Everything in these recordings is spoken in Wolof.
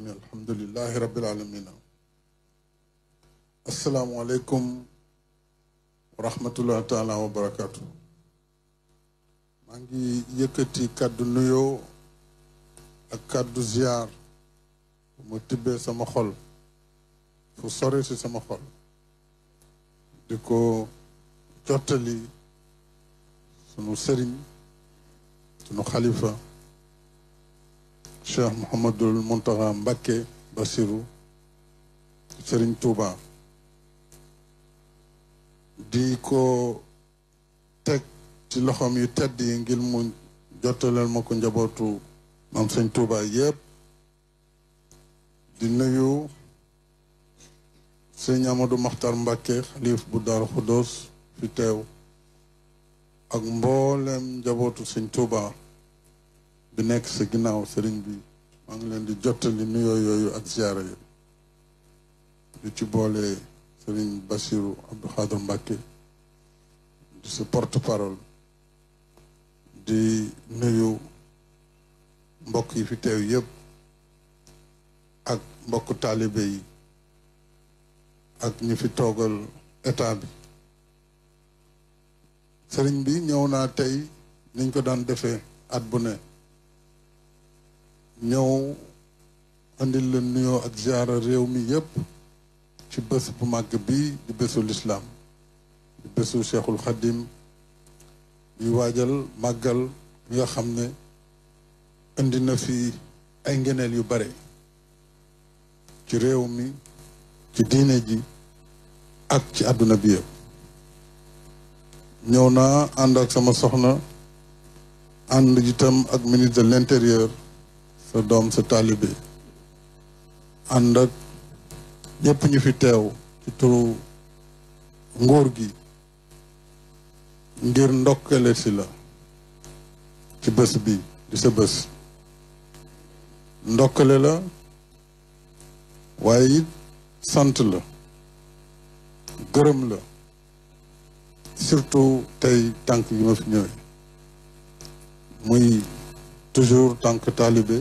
alhamdulillahi rabbil alamin assalaamu aleykum wa rahmatullahi taala wa barakaatu maa ngi yëkkati kàddu nuyoo ak kàddu ziar mu ma sama xol fu sore si sama xol di ko jottali sunu sëriñ sunu xalifa cheikh Mouhamadul Mountakha Mbacké Bassirou Serigne Touba di ko teg ci loxoom yi tedd yi ngir mu jottaleel ma ko njabootu maam sëñ Touba yëpp di nuyu sëñ Amadou Makhtar Mbacké xalif bu Daaru Xuddoos fi teew ak mboolem njabootu sëñ Touba bi nekk sa ginnaaw sëriñ bi maa ngi leen di jot li nuyoo yooyu ak ziyaara yooyu lu ci boolee sëriñ Bassirou Abdou Khadre Mbacké di sa porte parole di nuyu mbokk yi fi teew yëpp ak mbokk taalibe yi ak ñi fi toogal état bi sëriñ bi ñëw naa tey niñ ko daan defee at bu ne ñëw andil leen nuyoo ak ziara réew mi yépp ci bés bu màgg bi di bésu lislaam di bésu cheikhul xadim di waajal màggal bi nga xam ne indi na fi ay ngeneel yu bare ci réew mi ci diine ji ak ci àdduna bi yëpp ñëw naa ànd ak sama soxna ànd itam ak ministre de l'intérieur sa doom sa taalibe ànd ak ñëpp ñu fi teew ci turu nguur gi ngir ndokkale si la ci bés bi di sa bés ndokkale la waaye it sant la gërëm la surtout tey tànk yi ma fi ñëwee muy toujours tànk taalibe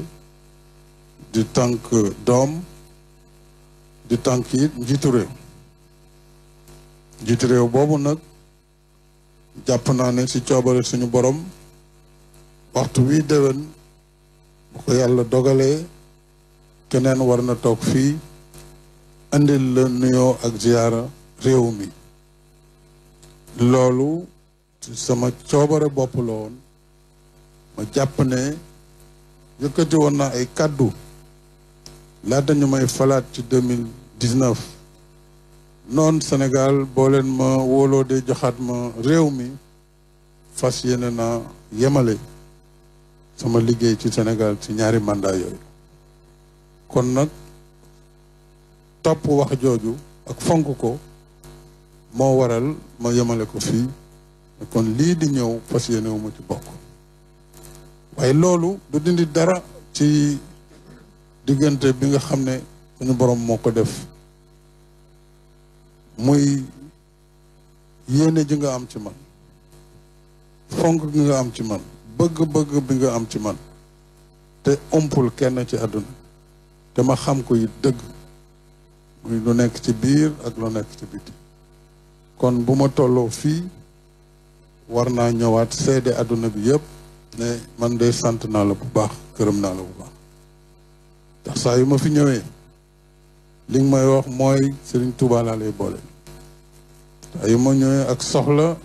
di tànk doom di tànk it njiitu réew njiitu réew boobu nag jàpp naa ne ci coobare suñu boroom waxtu wii déwén bu ko yàlla dogalee keneen war na toog fii indil la nuyoo ak ziyaara réew mi loolu ci sama coobare bopp la woon ma jàpp ne yëkkati woon naa ay kàddu laata ñu may falaat ci deux mille dix neuf noonu Sénégal boo leen ma wóoloo de joxaat ma réew mi fas yéene naa yemale sama liggéey ci senegal ci ñaari mandat yooyu kon nag topp wax jooju ak fonk ko moo waral ma yemale ko fii kon lii di ñëw fas yéene wu ci bokk waaye loolu du dindi dara ci diggante bi nga xam ne suñu boroom moo ko def muy yéene ji nga am ci man fonk gi nga am ci man bëgg-bëgg bi nga am ci man te ompul kenn ci àdduna te ma xam ko it dëgg lu nekk ci biir ak lu nekk ci biti kon bu ma tolloo fii war naa ñëwaat seede àdduna bi yëpp ne man de sant naa la bu baax këram naa la bu baax ndax saa yu ma fi ñëwee li may wax mooy Serigne Touba laa lay boole saa yu ma ñëwee ak soxla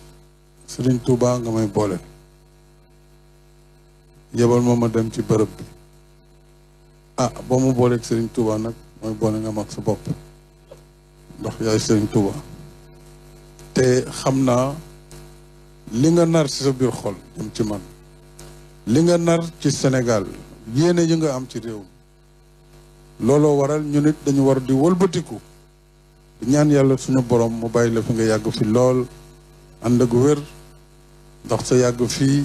Serigne Touba nga may boole yebal ma ma dem ci bërëb bi ah boo mu booleeg sëriñ tuubaa nag mooy boole nga mag sa bopp ndax yaay sëriñ Touba te xam naa li nga nar ci sa biir xol jëm ci man li nga nar ci Sénégal yéene yi nga am ci réew mi looloo waral ñu nit dañu war di wëlbatiku di ñaan yàlla suñu borom mu bàyyi la fi nga yàgg fi lool ànd ak wér ndax sa yàgg fii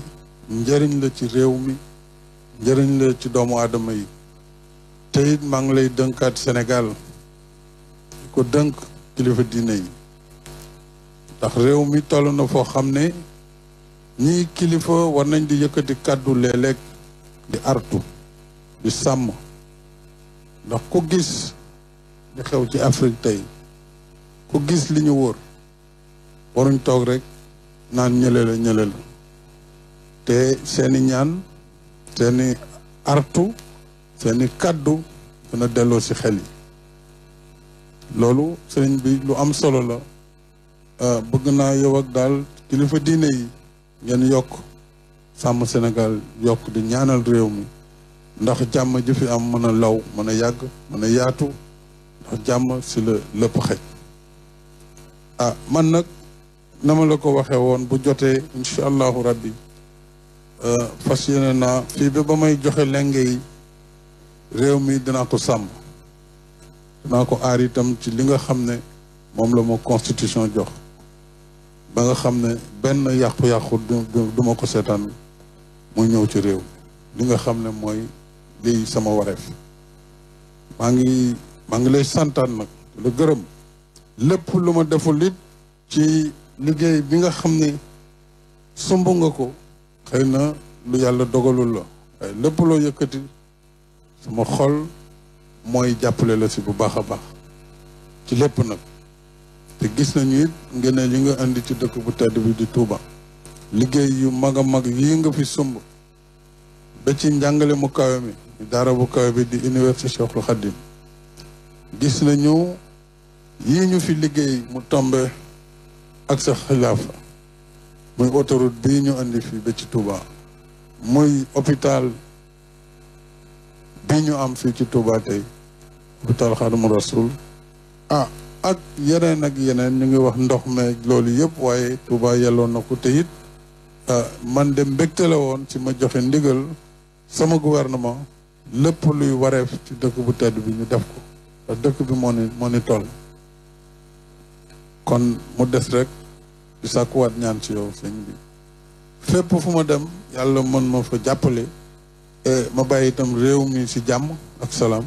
njëriñ la ci réew mi njëriñ la ci doomu aadama yi te it maa ngi lay dënkaat Sénégal di ko dënk kilifa diine yi ndax réew mi toll na foo xam ne ñi kilifa war nañ di yëkkati kàddu léeg-léeg di artu di sàmm ndax ku gis li xew ci Afrique tey ku gis li ñu wóor waruñ toog rek naan ñële la ñële la te seeni ñaan seeni artu seeni kàddu dana delloo ci xel yi loolu sëriñ bi lu am solo la euh, bëgg naa yow ak daal kilifa diine yi ngeen yokk sàmm senegal yokk di ñaanal réew mi ndax jàmm ji fi am mën a law mën a yàgg mën a yaatu ndax jàmm si la lépp xëj ah man nag na ma la ko waxee woon bu jotee incha allahu rabbi euh, fas yéene naa fii bi ba may joxe lenge réew mi dinaa ko sàmm dinaa ko aar itam ci li nga xam ne moom la ma constitution jox ba nga xam ne benn yàqu-yàqu du ma ko seetaan mu ñëw ci réew li nga xam ne mooy lii sama wareef maa ngi maa ngi lay santaan nag lu gërëm lépp lu ma deful it ci liggéey bi nga xam ni sumb nga ko xëy na lu yàlla dogalul la waaye lépp loo yëkkati sama xol mooy jàppale la si bu baax a baax ci lépp nag te gis nañu it ngeen li nga indi ci dëkk bu tedd bi di Touba liggéey yu mag mag yii nga fi sumb ba ci njàngale mu kawe mi dara bu kaw bi di université Cheikhul Khadim gis nañu yii ñu fi liggéey mu tombe ak sa xilaafa muy autoroute bii ñu andi fi ba ci Touba muy hôpital bi ñu am fii ci Touba tey hôpital Khadimou Rassoul ah ak yeneen ak yeneen ñu ngi wax ndox me loolu yëpp waaye Touba yelloon na ko te it ah, man de mbégte la woon ci ma joxe ndigal sama gouvernement lépp luy wareef ci dëkk bu tedd bi ñu def ko te dëkk bi moo ni moo ni toll kon mu des rek di sàkkuwaat ñaan si yow sëñ bi fépp fu ma dem yàlla mën ma fa jàppale ma bàyyi itam réew mi si jàmm ak salaam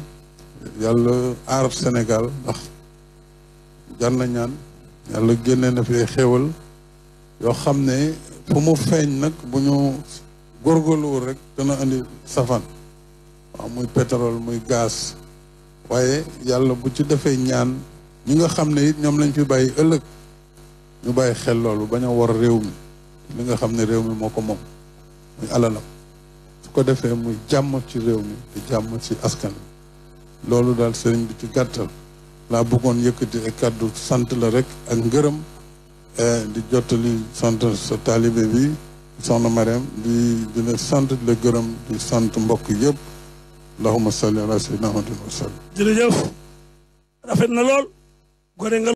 yàlla aar Sénégal ndax jar na ñaan yàlla génne na fi xéewal yoo xam ne fu mu feeñ nag bu ñu góorgóorluwul rek dana indi safan waaw muy pétrole muy gaz waaye yàlla bu ci defee ñaan ñi nga xam ne it ñoom lañ fi bàyyi ëllëg ñu bàyyi xel loolu bañ a war réew mi li nga xam ne réew mi moo ko moom muy alalam su ko defee muy jàmm ci réew mi di jàmm ci askan loolu daal sëriñ bi ci gàttal laa bëggoon yëkkati ay kàddu sant la rek ak ngërëm eh, di jottali sant sa taalibe bi soxna Mariam di dina sant la gërëm di sant mbokk yëpp allahumma salli ala sayyidina muhammadin wa sallam jërëjëf rafet na lool gore nga